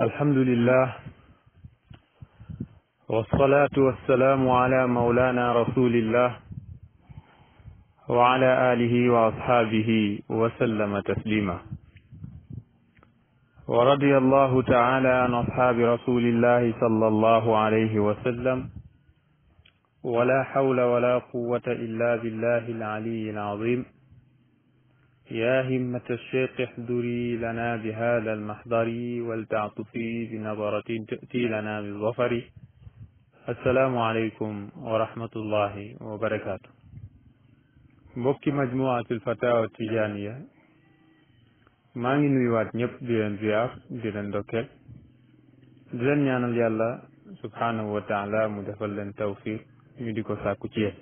الحمد لله والصلاة والسلام على مولانا رسول الله وعلى آله وأصحابه وسلم تسليما ورضي الله تعالى عن أصحاب رسول الله صلى الله عليه وسلم ولا حول ولا قوة إلا بالله العلي العظيم يا همة الشيخ احذري لنا بهذا المحضر ولتعطفي بنظرة تأتي لنا بالظفر السلام عليكم ورحمة الله وبركاته بك مجموعة الفتاوى التجانية ما نيوات نيب ديان زياف ديان دوكل ديان نيان اليالا سبحانه وتعالى مدفل توفيق يديكو ساكو تيه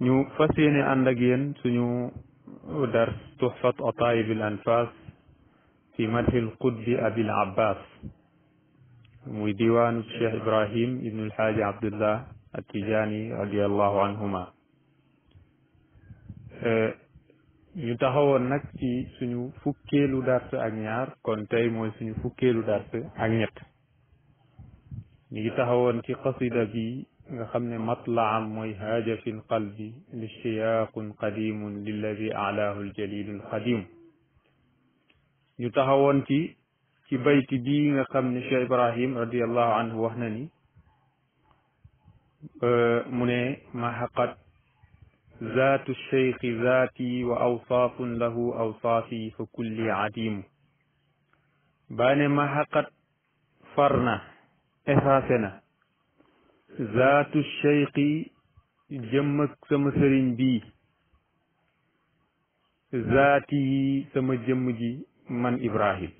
ñu fas yéene ànd ak yéen suñu dar tuxfat ataayib al anfas fi madhil qutbi abil abbas muy diwaanu cheikh ibrahim ibnu alxaaji abdullah attijaani radiallahu anhuma ñu taxawoon nag ci suñu fukkeelu dars ak ñaar kon tey suñu fukkeelu dars ak ñett ñu ngi taxawoon ci qasida bi nga xam ne matlaam mooy haaja fi lqalbi listiyaaqun qadimun lilladi alaahu aljalilu alqadim ñu taxawoon ci ci bayti bii nga xam ne cheikh ibrahim radiallahu anhu wax na ni mu ne mahaqat zaatu cheikhi zaati wa awsaafun lahu awsaafi fa kulli adimu baane mahaqat far na effacé na zaatu cheyqi jëmm ak sama sëriñ bii zaati yi sama jëmm ji man ibrahim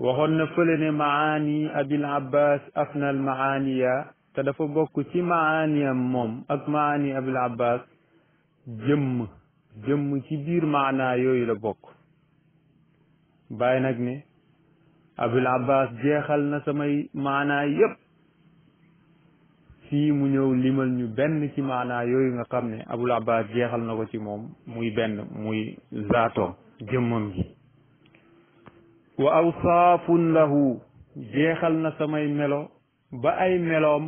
waxoon na fële ne maani abil abbas afnal maaniya te dafa bokk ci maaniyam moom ak maani abil abbas jëmm jëmm ci biir maanaa yooyu la bokk bàyyi nag ne abil abbas jeexal na samay maanaa yépp fii mu ñëw limal ñu benn ci maanaa yooyu nga xam ne abul abbas jeexal na ko ci moom muy benn muy zaatoom jëmmam gi wa awsaafun lahu jeexal na samay melo ba ay meloom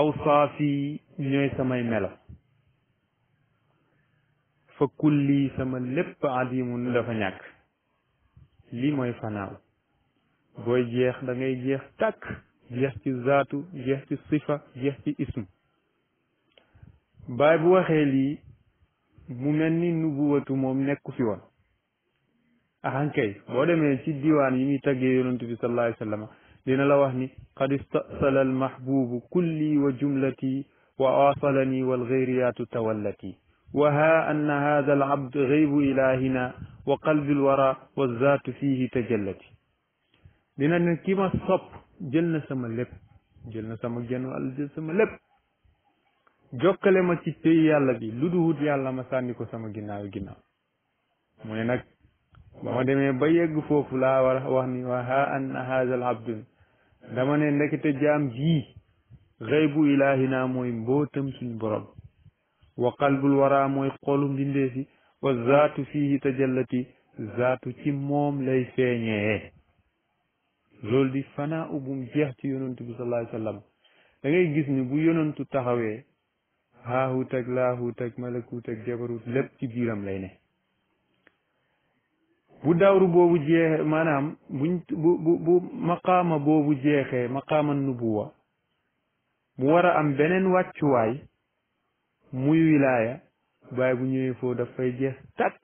awsaaf yi ñooy samay melo fa kulli sama lépp adimun dafa ñàkk lii mooy fanaaw booy jeex da jeex tàkk جهتي الذات جهتي الصفة جهتي اسم باي باب وخيلي ممني نبوة مؤمنة كفيوان أهان كي بوده من يتي ديوان يمي تقيه صلى الله عليه وسلم لنا لوهني قد استأصل المحبوب كلي وجملتي وآصلني والغيريات تولتي وها أن هذا العبد غيب إلهنا وقلب الورى والذات فيه تجلتي لنا نكيما صب jël na sama lépp jël na sama genn wàll jokkale ma ci tey yàlla bi lu yàlla ma sànni ko sama ginnaaw ginnaaw mu ne nag ba ma demee ba yegg foofu laa war wax ni wa ha an haazal abdun dama ne ndekete jaam bii xaybu ilaahina mooy mbootam suñu borom wa qalbul wara mooy xolu mbindeefi wa zaatu fiihi tajallati zaatu ci moom lay feeñee loolu di fanaa ubum jeex ci yonantu bi sallallahu alayhi wa gis ni bu yonantu taxawee haahuut ak laahuut ak malakuut ak jabaruut lépp ci biiram lay ne bu dawru boobu jeexee maanaam buñ bu bu bu maqaama boobu jeexee maqaama nubuwa mu war a am beneen wàccuwaay muy wilaaya waaye bu ñëwee foofu daf fay jeex tàkk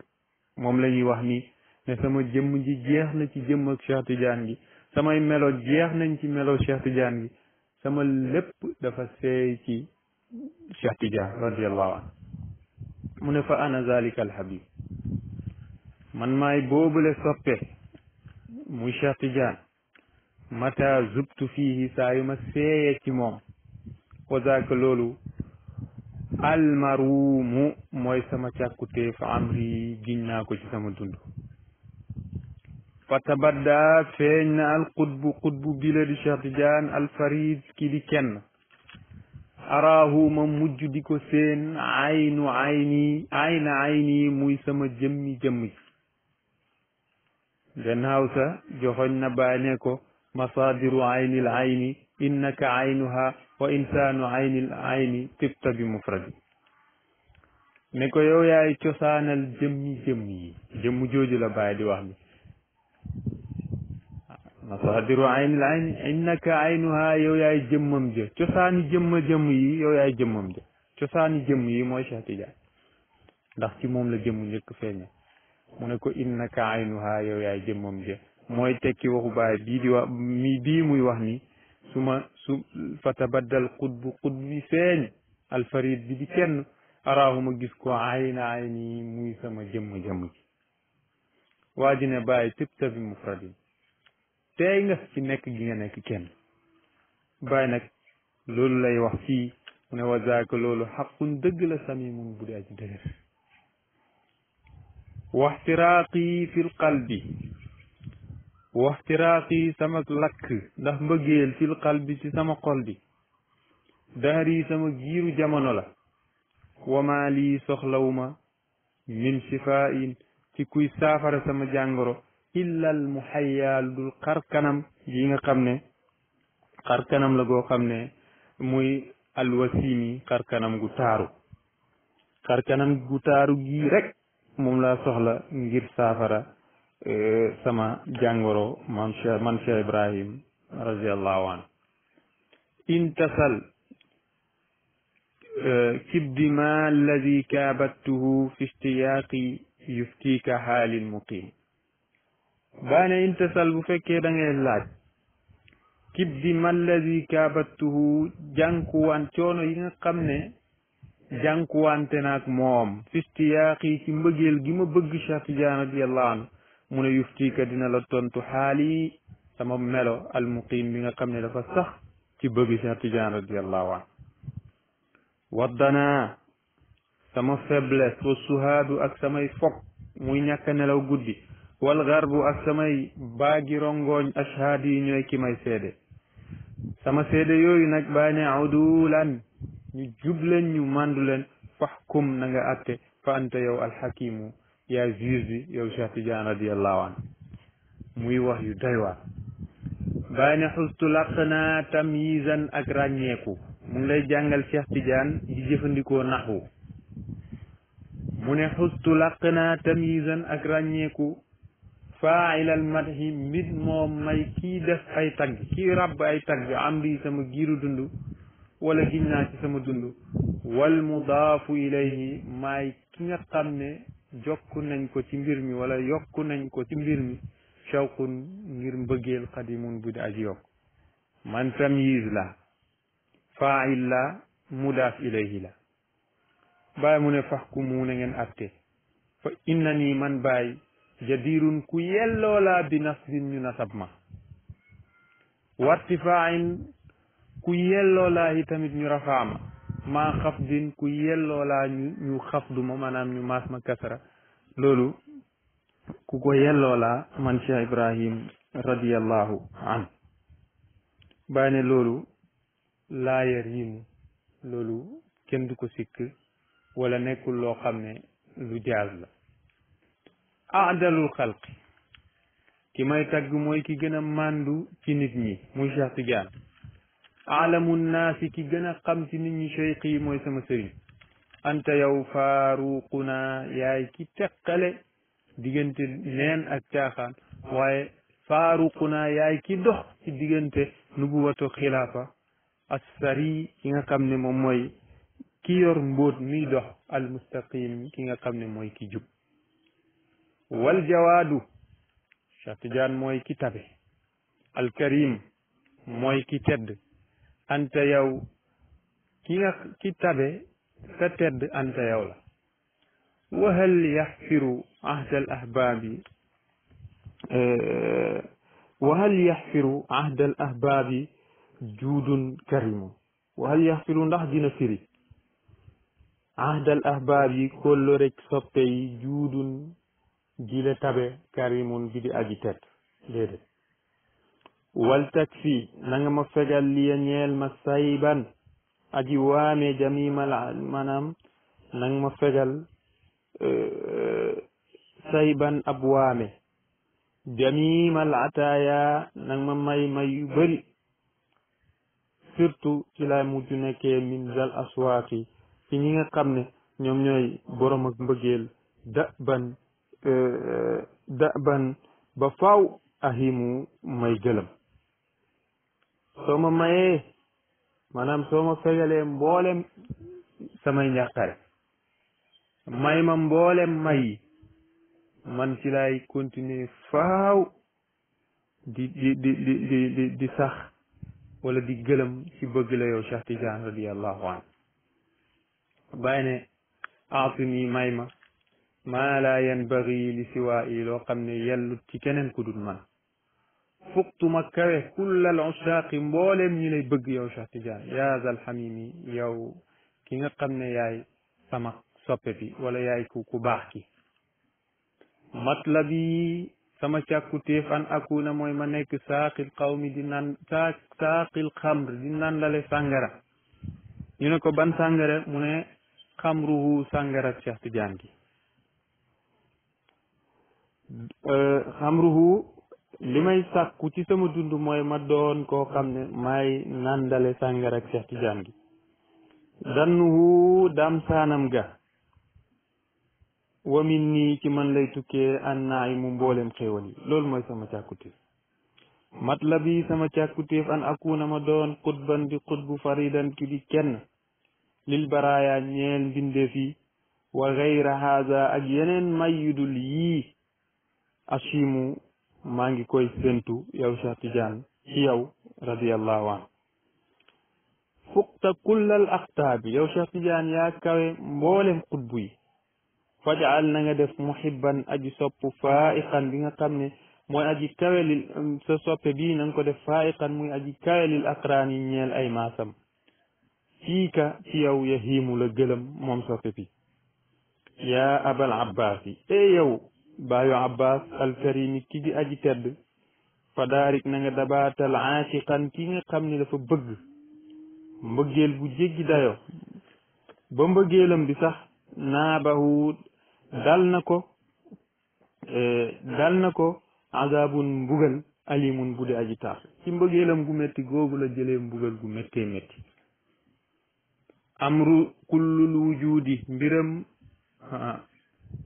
moom la ñuy wax ni ne sama jëmm ji jeex na ci jëmm ak Cheikh Tidiane gi samay melo jeex nañ ci melo Cheikh Tidiane gi sama lépp dafa seey ci Cheikh Tidiane radiallahu anhu mu ne fa ana zalika alhabib man may boobule soppe muy Cheikh Tidiane mata zubtu fiihi saa yu ma seeye ci moom wa zaaka loolu almaruumu mooy sama càkkuteef amri giñ naa ko ci sama dund fa tabadda feeñ na al qutbu qutbu bila di Cheikh al farid ki di kenn araahu ma mujj di ko seen aynu ayni ayna muy sama jëmmi jëmmi gannaaw sa joxoñ na baane ko masaadiru ayni l ayni innaka aynuha wa insaanu ayni l ayni tibta bi mufradi ne ko yow yaay cosaanal jëmmi jëmm yi jooju la bàyyi di wax ni masaadiru aynil ayn innaka aynuha yow yaay jëmmam ja cosaani jëmma jëmm yi yow yaay jëmmam ja cosaani jëmm yi mooy Cheikh Tidiane ndax ci moom la jëmm njëkk feeñe mu ne ko innaka aynuha yow yaay jëmmam ja mooy tekki waxu baay bii di wax mi bii muy wax ni su ma su fa tabaddal xutbu xutbu bi feeñ alfarid bi di kenn araahuma gis ko ayna ayni muy sama jëmm jëmm ji waa ji ne bàyyi tib tabi mufrad tey nga ci nekk gi nga nekk kenn bàyyi nag loolu lay wax fii ne wa zaaka loolu xaqun dëgg la samimun bu di aji dëgër waxtiraaqi fil qalbi waxtiraaqi sama lakk ndax mbëggeel fil qalbi ci sama xol bi daari sama giiru jamono la wama lii soxlawuma min shifaain ci kuy saafara sama jàngoro illal mu xayaal dul xar kanam nga xam ne xar kanam la goo xam ne muy alwasimi xar kanam gu taaru gu taaru gii rek moom laa soxla ngir saafara e, sama jàngoro man Cheikh man Cheikh Ibrahim radiallahu an intasal e, kibdi ma alladi kaabattuhu fi ishtiyaaqi yuftika xaalil muqiim baane intasal bu fekkee da ngay laaj kib di malladi kaabattuhu jànkuwaan coono yi nga xam ne jànkuwante naag moom fistiyaaqi ci mbëggeel gi ma bëgg Cheikh Tidiane radiyallahu anhu mu ne yuftika dina la tontu xaali sama melo almuqiim bi nga xam ne dafa sax ci bëgg Cheikh Tidiane radiyallahu anhu waddanaa sama faiblesse wa suhaadu ak samay fog muy ñàkk nelaw guddi wal garbu ak samay baagi rongooñ ashhaad yi ñooy ki may seede sama seede yooyu nag baane udulan ñu jubleen ñu màndu leen fahkum na nga atte fa anta yow alxakimu yaa juge bi yow Cheikh Tidiane radiallahu an muy wax yu doy waar baane xustu làq naa tamyisan ak ràññeeku mu ngi lay jàngal Cheikh tijaan di jëfandikoo naxwu mu ne xustu làq naa tamyisan ak ràññeeku faailal madhi mbir moom may kii def ay tagg kii ràbb ay tagg am sama giiru dund wala giñ sama dund wal mudaafu ilayhi maay ki nga xam ne jokk nañ ko ci mbir mi wala yokk nañ ko ci mbir mi shawqun ngir mbëggeel xadimun bu di aji yokk man tamyiz la faail la mudaaf ilayhi la bàyyi mu ne fax ku mu ne ngeen atte fa inna man bàyyi jadirun ku yelloo bi nasrin ñu nasab ma wartifaayin ku yelloo laa yi tamit ñu rafaa ma maa xafdin ku yelloo ñu xafdu ma maanaam ñu maas ma kasara loolu ku ko yelloo man Cheikh Ibrahim radiyallahu an bàyyi ne loolu laa yar loolu kenn du ko sikk wala nekkul loo xam ne lu jaaz la aadalu xalqi ki may tagg mooy ki gën a màndu ci nit ñi muy Cheikh Tidiane aalamu naasi ki gën a xam ci nit ñi cheikh mooy sama sëriñ anta yow faaruquna yaay ki teqale diggante neen ak caaxaan waaye faaruquna yaay ki dox ci diggante nubuwatu xilaafa assari ki nga xam ne moom mooy ki yor mbóot muy dox al mustaqim ki nga xamne moy ki jub wal jawaadu Cheikh moy ki tabe al karim moy ki tedd anta yow ki nga ki tabe ta tedd anta yow la wa wahal yaxfiru ahdal ahbaabi wahal yaxfiru ahdal ahbaabi juudun جود كريم وهل ndax dina نسيري ahdal ahbaab yi kólloreg soppe yi juudun jile tabe karimun bi di aji tet wal takfi na ma fegal liya ñeel ma sayban aji waame jamimal maanaam na ma fegal euh, sayban ab waame jamimal ataaya na nga ma may may yu bëri surtout ci lay mujj aswaati ci ñi nga xam ne ñoom ñooy borom ak mbëggeel da ban ba euh, euh, ban ba faaw ahimu may gëlëm soo ma mayee maanaam soo ma fegalee mboolem samay njàqare may ma mboolem may man ci laay continuer faaw di di di di di sax wala di gëlëm ci bëgg la yow Cheikh radiallahu anhu bàyyi ne aatini may ma maa laa yanbagi li siwaa yi loo xam ne yellut ci keneen ku dul man fuqtuma kawe kullal ussaaqi mbooleem ñi lay bëgg yow Cheikh Tidiane yaa zal xamimi yow ki nga xam ne yaay sama soppe bi wala yaay ku ku baax ki matlabi sama càkku téef an akuna mooy ma nekk saaqil qawmi di naan saaqil xamr di naan lale sàngara ñu ne ko ban sàngara mu ne xamruhu sàngara Cheikh Tidiane gi euh, xamruhu li may sàkku ci sama dund mooy ma doon koo xam ne maay nandale sàngara ak Cheikh Tidiane gi dannuhu dam saanam ga wa min nii ci man lay tukkee an naay mu mboolem xéewal yi loolu mooy sama càkkutéef matlabi sama càkkutéef an na ma doon xutban di xutbu faridan ki di kenn lil baraaya ñeel mbindeef yi wa gayra haada ak yeneen may yu dul yii ngi koy séntu yow Cheikh Tidiane ci yow radiallahu anhu fuqta aqtaabi yow Cheikh Tidiane yaa kawe mboolem xutbu yi fajal na nga def muhibban aji sopp faiqan aji kawe lil sa soppe bii na ko def faiqan muy aji kawe lil aqraan yi ay maasam fii ka ci yow ya hiimu la gëlëm moom soppe bi yaa abal abbaas eh yi e baayu abbas alkarimi ki di aji tedd fa daarik dabaatal aashiqan ki nga xam ni dafa bëgg mbëggeel bu jéggi dayo ba mbëggeelam bi sax naabahu dal na ko eh, dal na ko azabun mbugal alimun bu di aji tar ci mbëggeelam gu metti googu la jëlee mbugal gu méttee métti amru kullul wujudi mbiram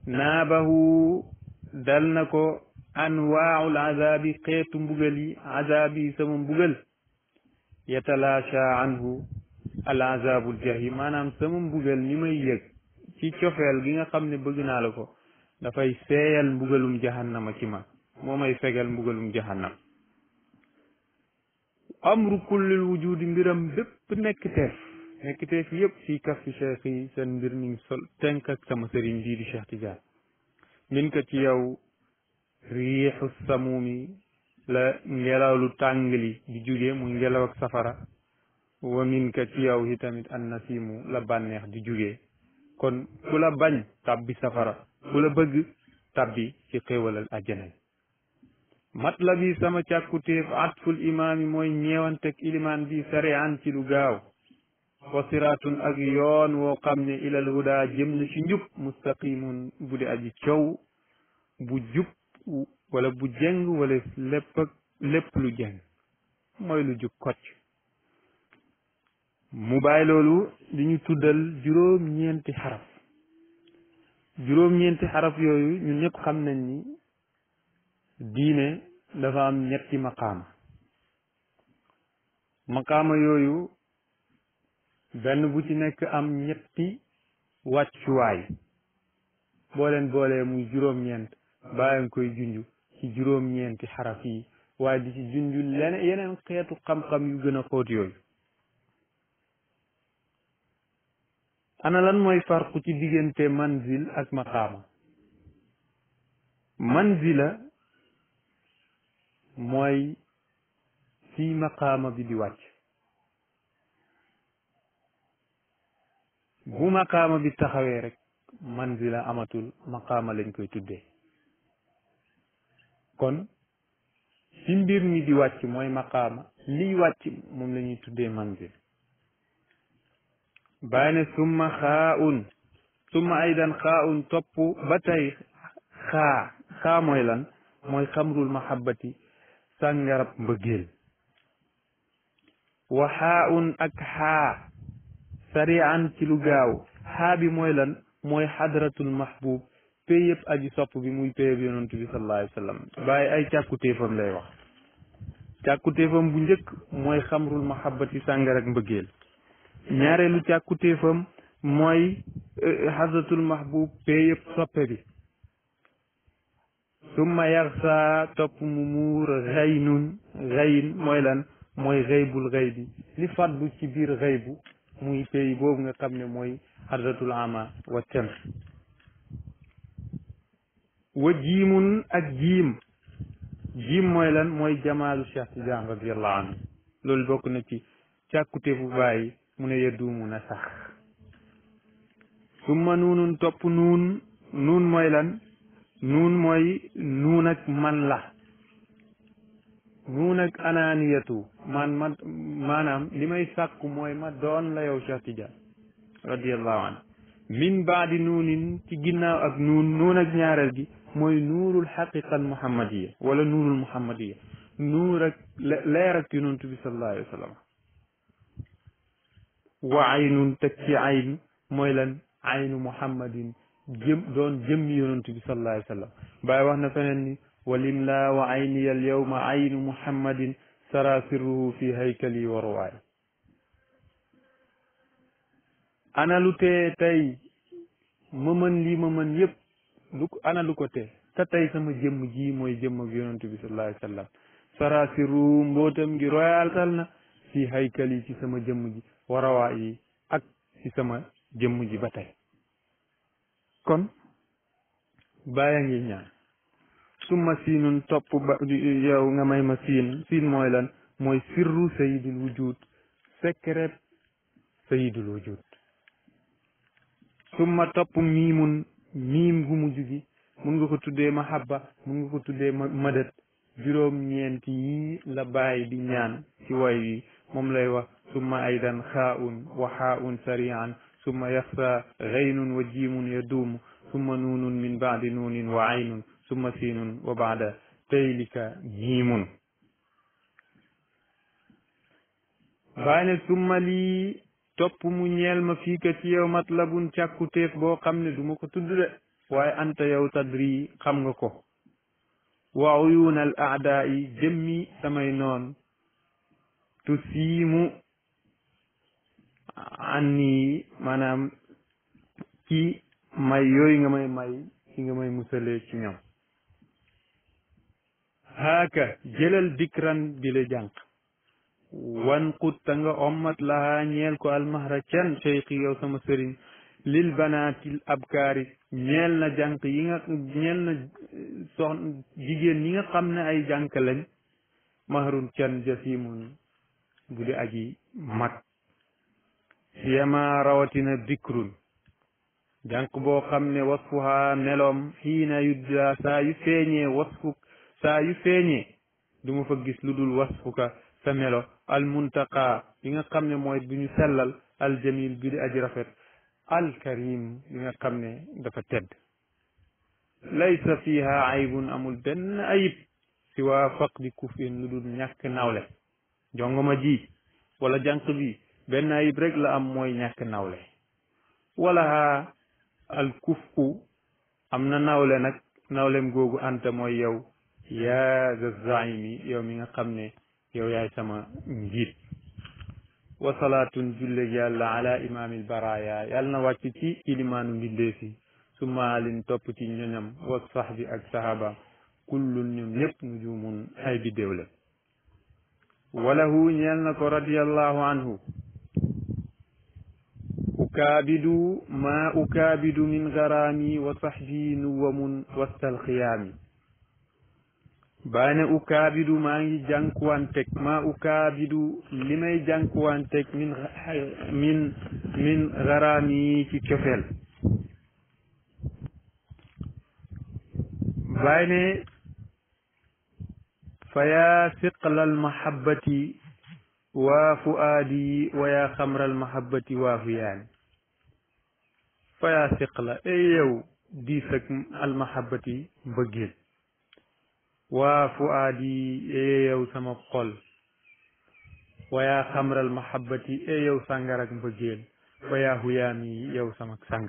naabahu dal na ko anwaaul azaabi xeetu mbugal yi azaabi yi sama mbugal yatalaasha anhu al azaabul jahim maanaam sama mbugal mi may yëg ci cofeel gi nga xam ne bëgg naa la ko dafay seeyal mbugalum jahannama ci ma moo may fegal mbugalum jahannam amru kullul wujudi mbiram bépp nekk teef nekkitee fi yëpp fii kaf fi seen mbir mi ngi sol tënk ak sama sëriñ bii di Cheikh Tidiane min ci yow riixu samumi la ngelaw lu tàngali di jugee muy ngelaw ak safara wa min ci yow yi tamit an nasimu la bànneex di jóge kon ku la bañ tàbbi safara ku la bëgg tàbbi ci xéewalal àjjana matla bi sama càkkutéef atful imaam yi mooy ñeewantek ilimaan bi sarean ci lu gaaw wa ak yoon woo xam ne ilal huda jëm na ci njub mustaqimun bu di aji coow bu jub wala bu jeng wala lépp lu jeng mooy lu jub kocc mu loolu di ñu tuddal juróom-ñeenti xaraf juróom-ñeenti xaraf yooyu ñun ñëpp xam nañ ni diine dafa am ñetti maqaama maqaama yooyu benn bu ci nekk am ñetti wàccuwaay boo leen boolee muy juróom-ñeent bàyyi nga koy junj ci juróom-ñeenti xarab yi waaye di ci junj leneen yeneen xeetu xam-xam yu gën a xóot yooyu ana lan mooy farqu ci diggante manzil ak maqaama manzila mooy fi maqaama bi di wàcc bu maqaama bi taxawee rek manzila amatul maqaama lañ koy tuddee kon fi mbir mi di wàcc mooy maqaama liy wàcc moom lañuy tuddee manzil bàyyi ne summa xaa un summa aydan xaa un topp ba tey xaa xaa mooy lan mooy xamrul mahabbati sàngarab mbëggeel wa xaa un ak xaa sariyaan ci lu gaaw xaa bi mooy lan mooy xadratul mahbub pay yëpp aji sopp bi muy payab yonantu bi sallallahu alayhi wa sallam bàyyi ay càkkutéefam lay wax càkkutéefam bu njëkk mooy xamrul mahabbati sàngar ak mbëggeel ñaareelu càkkutéefam mooy xadratul mahbub pay yëpp soppe bi summa yaxsa topp mu muur xaynun xayn mooy lan mooy xaybul xaybi li faddu ci biir xaybu muy pays boobu nga xam ne mooy ardatul ama wa temr wa jiimun ak jiim jiim mooy lan mooy jamaalu Cheikh radiallahu anhu loolu bokk na ci càkkute bu bàyyi mu ne yeduumu na sax summa nuunun topp nuun nuun mooy lan nuun mooy nuun ak man la ñu nag anaaniyatu man ma maanaam li may sàkku mooy ma doon la yow Cheikh Tidiane radiallahu an min baadi nuunin ci ginnaaw ak nuun nuun ak ñaareel gi mooy nuurul xaqiqa al muhammadiya wala nuurul muhammadiya nuur ak leer ak yonent bi sallallahu alayhi wa sallam wa aynun teg ci ayn mooy lan aynu muhammadin jëm doon jëmmi yonent bi sallallahu alayhi wa sallam bàyyi wax na feneen ni walimlaa wa ayniya alyawma aynu muhammadin sara sirruhu fi haykali wa ruwaay ana tee tey ma lii ma yépp lu ana lu ko tee te tey sama jëmm ji mooy jëmm ak yonent bi sallallahu alayhi wa sara sirruhu mbootam gi royaltal na fi haykali ci sama jëmm ji wa yi ak ci sama jëmm ji ba tey kon bàyyi ngi ñaan summa siinun topp ba yow nga may ma siin siin mooy lan mooy sirru sayidul wujud secret sayidul wujud summa topp miim gu mujj gi mun nga ko tuddee mahabba mun nga ko tuddee madad juróom-ñeent yi la bàyyi di ñaan ci way lay wax summa aydan xaaun wa xaaun sarian summa yaxsa xaynun wa jiimun yaduum summa nuunun min baadi nuunin wa aynun summa siinun wa baada taylika miimun bàyyi ne summa lii topp mu ñeel ma fii ka ci yow matlabun càkkutéef boo xam ne duma ko tudd de waaye anta yow tadri xam nga ko wa uyuuna al aadaa yi jëmmi samay noon tu siimu anni maanaam ci may yooyu nga may may ci nga may musalee ci ñoom haaka jëlal dikran bi la jànq wan xutta nga ommat lahaa ñeel ko almahra can cheikhi yow sama sëriñ lil banaatil abkaari ñeel na jànq yi nga ñeel na eh, soxna jigéen ñi nga xam ne ay jànq lañ mahrun can jasimun bu di aji mag yama rawatina dikrun jànq boo xam ne wasfuha meloom xiina yudda saa yu feeñee wasfu saa yu feeñee du ma fa gis lu dul wasfuka sa melo al muntaqa li nga xam ne mooy bu ñu sellal al jamil bi di aji rafet al karim li nga xam ne dafa tedd laysa fiha aybun amul benn ayib si waa faqdi kufin lu dul ñàkk nawle jongoma ji wala janq bi benn ayib rek la am mooy ñàkk nawle wala ha al kufku am na nawle nag nawlem googu anta mooy yow يا ذا الزعيم يوم قمنا يو يا سما نجيب وصلاة جل جل على إمام البرايا يالنا واتتي إلمان مدلسي ثم علم توبتي نجم والصحب أكسهابا كل نم لب نجوم أي بدولة وله نيالنا رضي الله عنه أكابد ما أكابد من غرامي وصحبي نوم واستلقيامي baane ukaabidu maa ngi jànkuwanteeg maa ukaabidu li may jànkuwanteeg min min min xaraami ci cofeel baay ne fa yaa siqlal mahabbati waa fuaadi wa yaa xamral mahabbati waa fuyaani fa waa fuaadi ee yow sama xol wayaa xamral mahabbati ee yow sàngar ak mbëggeel wayaa huyaami yow sama sang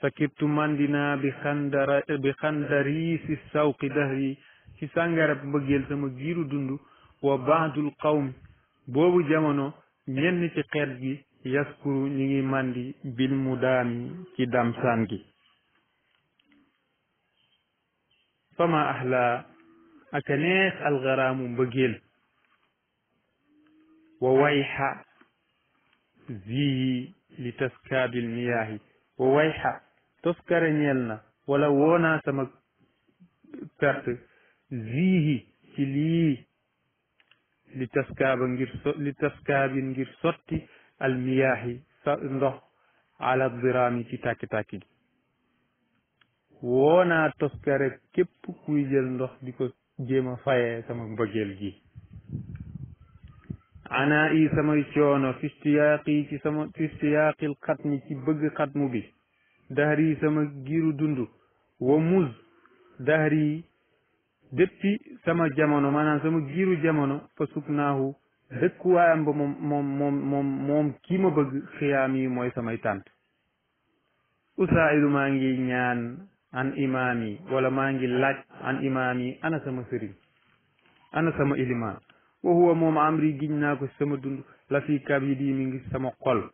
sakibtu mandina bi xandara bi xandari sawqi dahri ci sàngarab mbëggeel sama giiru dund wa baadul qawm boobu jamono ñenn ci xeet gi yaskuru ñu ngi mandi bil mu daami ci damsaan gi فما أهلا أتنيخ الغرام بجيل وويحا زي لتسكاب المياه وويحا تسكر نيلنا ولو ونا سمك كارت زيه تلي لتسكاب نجير لتسكاب نجير صوتي المياه على الضرام في تاكي تاكي woo naa toskare képp kuy jël ndox di ko jéem a sama mbëggeel gi ana yi samay coono fistiyaaqi ci sama fistiyaaqil xatmi ci bëgg xatmu bi dahri sama giiru dund wa muz dahri yi déppi sama jamono maanaam sama giiru jamono fa suknaahu dëkkuwaayam ba moom moom moom moom kii ma bëgg xiyaam yi mooy samay tànt usaayidu maa ngi ñaan an imaami wala maa ngi laaj an yi ana sama sëriñ ana sama ilimaan wa huwa moom amri giñ naa ko sama dund la fi kabidi mi ngi sama xol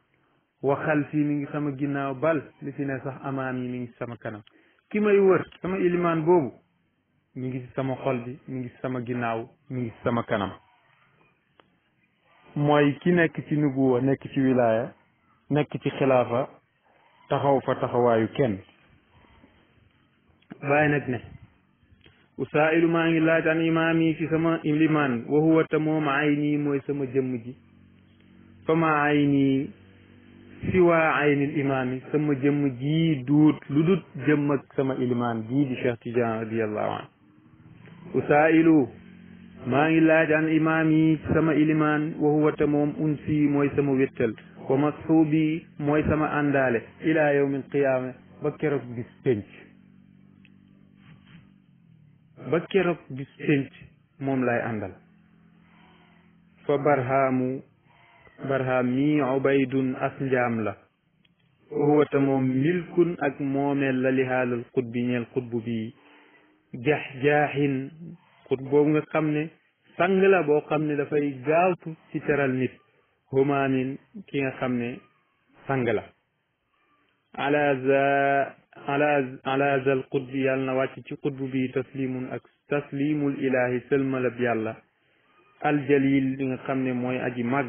wa xalfi mi ngi sama ginnaaw bal li fi ne sax amaam yi mi ngi sama kanam ki may wër sama ilimaan boobu mi ngi sama xol bi mi ngi sama ginnaaw mi ngi sama kanam mooy ki nekk ci nubuwa nekk ci wilaaya nekk ci xilaafa taxaw fa taxawaayu kenn baay nag ne usaa'ilu maa ngi laaj an imaam yi ci sama limaan wa huwa te moom ay nii mooy sama jëmm ji fa maa ay nii siwaa aynil imaam yi sama jëmm jii duut lu dut jëmm ak sama ilimaan jii di Cheikh Tidiane radiyallahu anhu usaa'ilu maa ngi laaj an imaam yi ci sama ilimaan wa huwa te moom unsi mooy sama wéttal wa masxuubi mooy sama àndaale ilaa yawmil qiyaama ba keroog bis penc ba keroog bis pénc moom lay àndal fa barhaamu barhaam mii ubaydun as njaam la huwa moom milkun ak moomeel la lihaalal xutbi ñeel xutbu bi jax jaaxin xut boobu nga xam ne sang la boo xam ne dafay gaawtu ci teral nit humaamin ki nga xam ne sang la على على ذا القدب يالنا واتي قدب بي تسليم اك تسليم الاله سلم لب يالا الجليل ليغا خامني موي أجي ماغ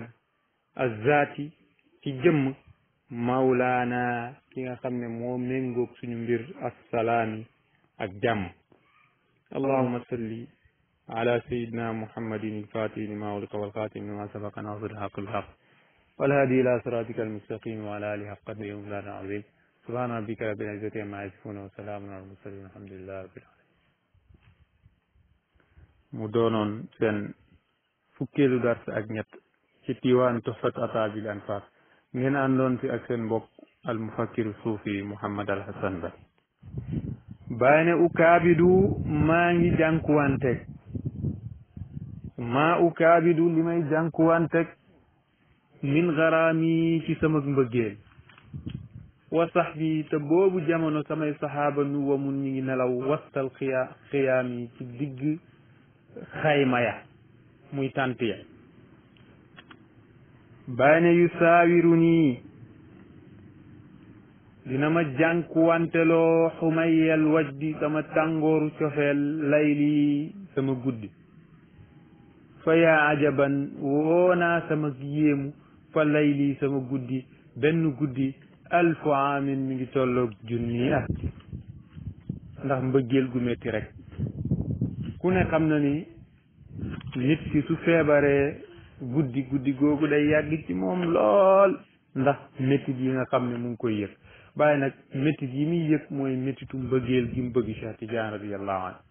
الزاتي كي جم مولانا ليغا خامني مو مينغوك سونو مبير السلام اك اللهم صل على سيدنا محمد الفاتح لما اغلق والخاتم لما سبق ناظر الحق الحق والهادي الى صراطك المستقيم وعلى اله حق قدر العظيم سبحان ربك رب العزة عما يصفون وسلام على المرسلين والحمد لله رب العالمين mu doonoon seen fukkeelu dars ak ñett ci tiwaan tuxfat ataabil anfaar ngeen àndoon fi ak seen mbokk al mufakkir suufi Mouhamad Al Hassan Ba bàyyi ne ukaabidu maa ngi jànkuwanteeg maa ukaabidu li may jànkuwanteeg min garaami ci sama mbëggeel wa sahbi te boobu jamono samay saxaaba nu wamun ñi ngi nelaw wastal xiyaa xiyaam yi ci digg xayma ya muy tànt ya bàyyi yu saawiru nii dina ma jànkuwanteloo xumayel wajdi sama tàngooru cofeel layli sama guddi fa yaa ajaban woonaa sama yéemu fa layli sama guddi benn guddi alfu amin mi ngi tolloog junni at ndax mbëggeel gu métti rek ku ne xam na ni nit ki su feebaree guddi guddi googu day yàgg ci moom lool ndax métit yi nga xam ne mu ngi koy yëg bàyyi nag métit yi muy yëg mooy métitu mbëggeel gi mu bëgg Cheikh Tidiane radiyallahu anhu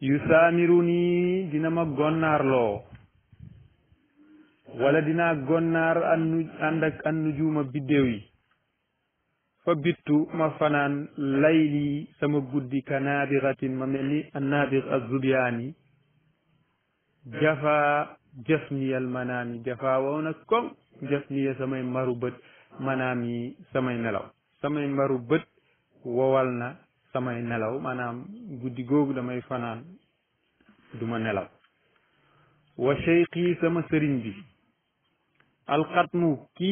yusaamiru nii dina ma gonnaarloo wala dinaa gonnaar annu ànd ak biddéew yi fa bittu ma fanaan layli sama guddi ka naabiratin ma mel ni annaabir azzubiyaani jafa jëf niyal manaam yi jafa wow na jëf niya samay maru bët manaam yi samay nelaw samay maru bët wowal na samay nelaw maanaam guddi googu damay fanaan duma nelaw wa cheyqi sama sëriñ bi alxatmu ki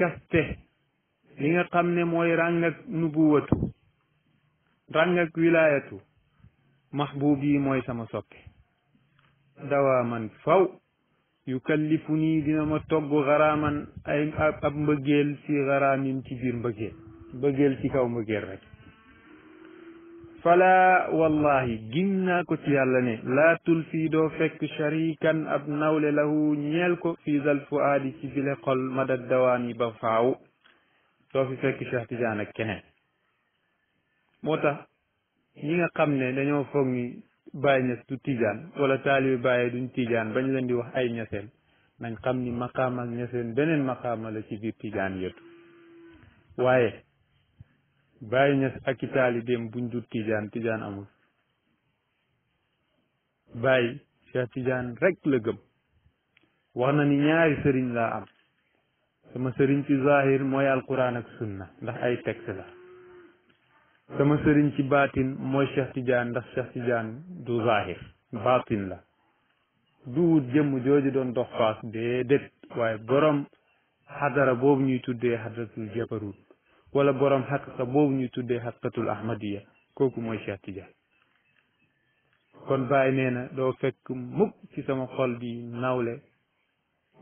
kaste li nga xam ne mooy ràng ak nubuwatu ràng ak wilaayatu maxbuub yi mooy sama soppe dawaaman faw yukallifu nii dina ma togg xaraaman ay ab mbëggeel si xaraamin ci biir mbëggeel mbëggeel ci kaw mbëggeel rek fala wallahi giñ naa ko ci yàlla ne laa tul fii doo fekk sharikan ab nawle lahu ñeel ko fii zal fuaadi ci bile xol madad dawaan yi ba faaw doo fi fekk Cheikh Tidiane ak keneen moo tax ñi nga xam ne dañoo foog ni Baye Niass du Tidiane wala taalibi Baye duñ Tidiane bañ leen di wax ay ñeseen nañ xam ni maqaam ak ñeseen beneen maqaama la ci biir Tidiane yëtu waaye bàyyi ñas ak i taalibeem buñ dul tijaan tijaan amul bàyyi Cheikh Tijaan rek la gëm wax na ni ñaari sëriñ laa am sama sëriñ ci zahir mooy alquran ak sunna ndax ay texte la sama sëriñ ci baatin mooy Cheikh Tidiane ndax Cheikh Tidiane du zahir baatin la du wut jëmm jooju doon dox paas déedéet waaye boroom xadara boobu ñuy tuddee xadaratul jabarut wala borom xaqiqa boobu ñu tuddee xaqiqatul ahmadiya kooku mooy Cheikh kon Baye nee doo fekk mukk ci sama xol bi nawle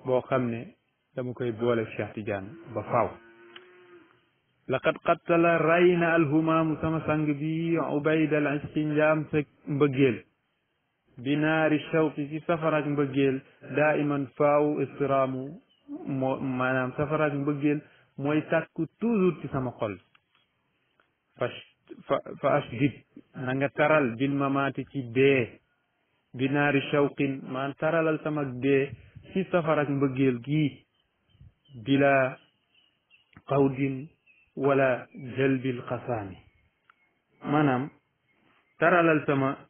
boo xam ne dama koy boole Cheikh Tidiane ba faaw laqad qattala ray na alhumaamu sama sang bi ubayd al isqi njaam sa mbëggeel binaari shawqi ci safarak mbëggeel daa iman faaw istiraamu moo maanaam safarak mbëggeel mooy sàkku toujours ci sama xol fa fa fa asdid na nga taral bil mamaati ci dee bi naari shawqin maan taralal sama dee ci safar ak mbëggeel gii bila xawdin wala jalbil xasaami maanaam taralal sama